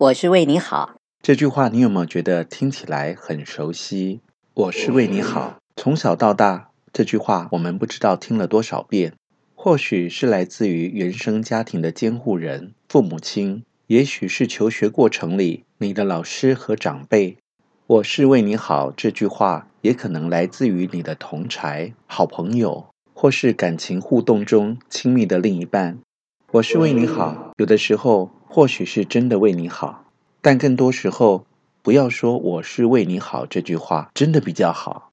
我是為你好這句話，你有沒有覺得聽起來很熟悉？我是為你好，從小到大這句話，我們不知道聽了多少遍。或許是來自於原生家庭的監護人父母親，也許是求學過程裡你的老師和長輩。我是為你好這句話，也可能來自於你的同儕、好朋友，或是感情互動中親密的另一半。我是為你好，有的時候，或許是真的為你好，但更多時候，不要說“我是為你好”這句話，真的比較好。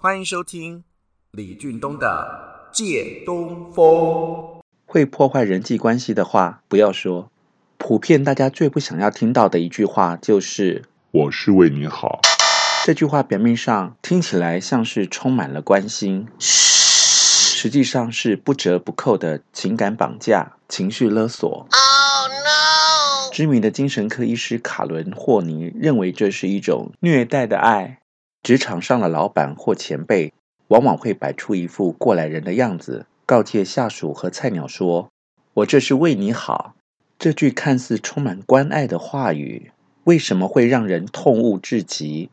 歡迎收聽李俊東的《借東風》。會破壞人際關係的話，不要說。普遍大家最不想要聽到的一句話就是“我是為你好”。這句話表面上聽起來像是充滿了關心，實際上是不折不扣的情感綁架、情緒勒索。Oh, no! 知名的精神科醫師卡倫·霍尼認為這是一種虐待的愛。職場上的老板或前輩往往會擺出一副過來人的樣子。告誡下屬和菜鳥說：“我這是為你好。”這句看似充滿關愛的話語，為什麼會讓人痛惡至極？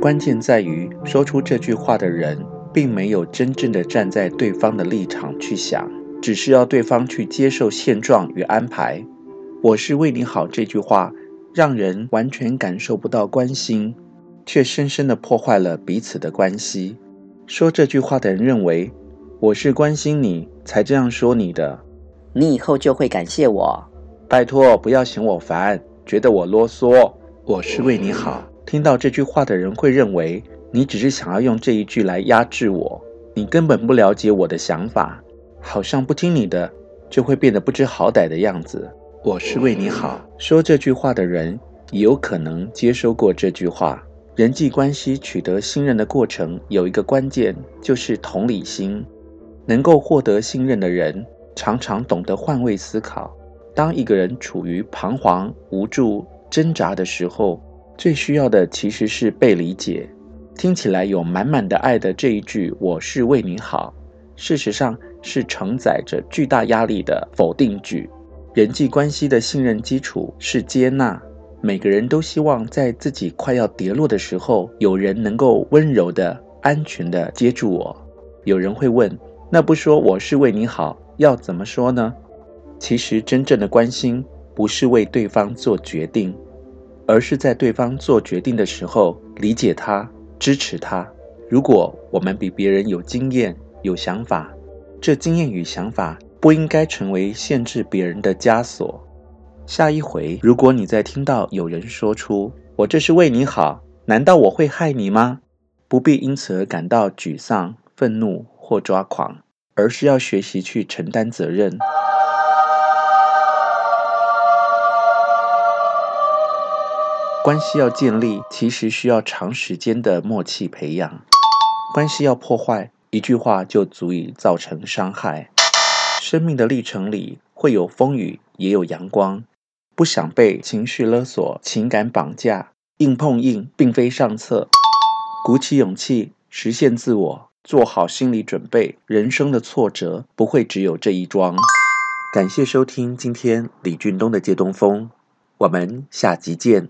關鍵在於，說出這句話的人並沒有真正的站在對方的立場去想，只是要對方去接受現狀與安排。“我是為你好”這句話，讓人完全感受不到關心。卻深深地破壞了彼此的關係。說這句話的人認為，我是關心你才這樣說你的，你以後就會感謝我。拜托，不要嫌我煩，覺得我囉嗦。我是為你好。聽到這句話的人會認為，你只是想要用這一句來壓制我，你根本不了解我的想法，好像不聽你的就會變得不知好歹的樣子。我是為你好。說這句話的人也有可能接收過這句話。人際關係取得信任的過程有一個關鍵，就是同理心。能夠獲得信任的人，常常懂得換位思考。當一個人處於彷徨、無助、掙扎的時候，最需要的其實是被理解。聽起來有滿滿的愛的這一句“我是為你好”，事實上是承載着巨大壓力的否定句。人際關係的信任基礎是接納。每個人都希望在自己快要跌落的時候，有人能夠溫柔的、安全的接住我。有人會問，那不說我是為你好，要怎麼說呢？其實，真正的關心不是為對方做決定，而是在對方做決定的時候理解他、支持他。如果我們比別人有經驗、有想法，這經驗與想法不應該成為限制別人的枷鎖。下一回，如果你再聽到有人說出“我這是為你好”，難道我會害你嗎？不必因此而感到沮喪、憤怒或抓狂，而是要學習去承擔責任。關係要建立，其實需要長時間的默契培養；關係要破壞，一句話就足以造成傷害。生命的歷程裡，會有風雨，也有陽光。不想被情緒勒索、情感綁架，硬碰硬並非上策。鼓起勇氣，實現自我，做好心理準備。人生的挫折不會只有這一樁。感謝收聽今天李俊東的借東風，我們下集見。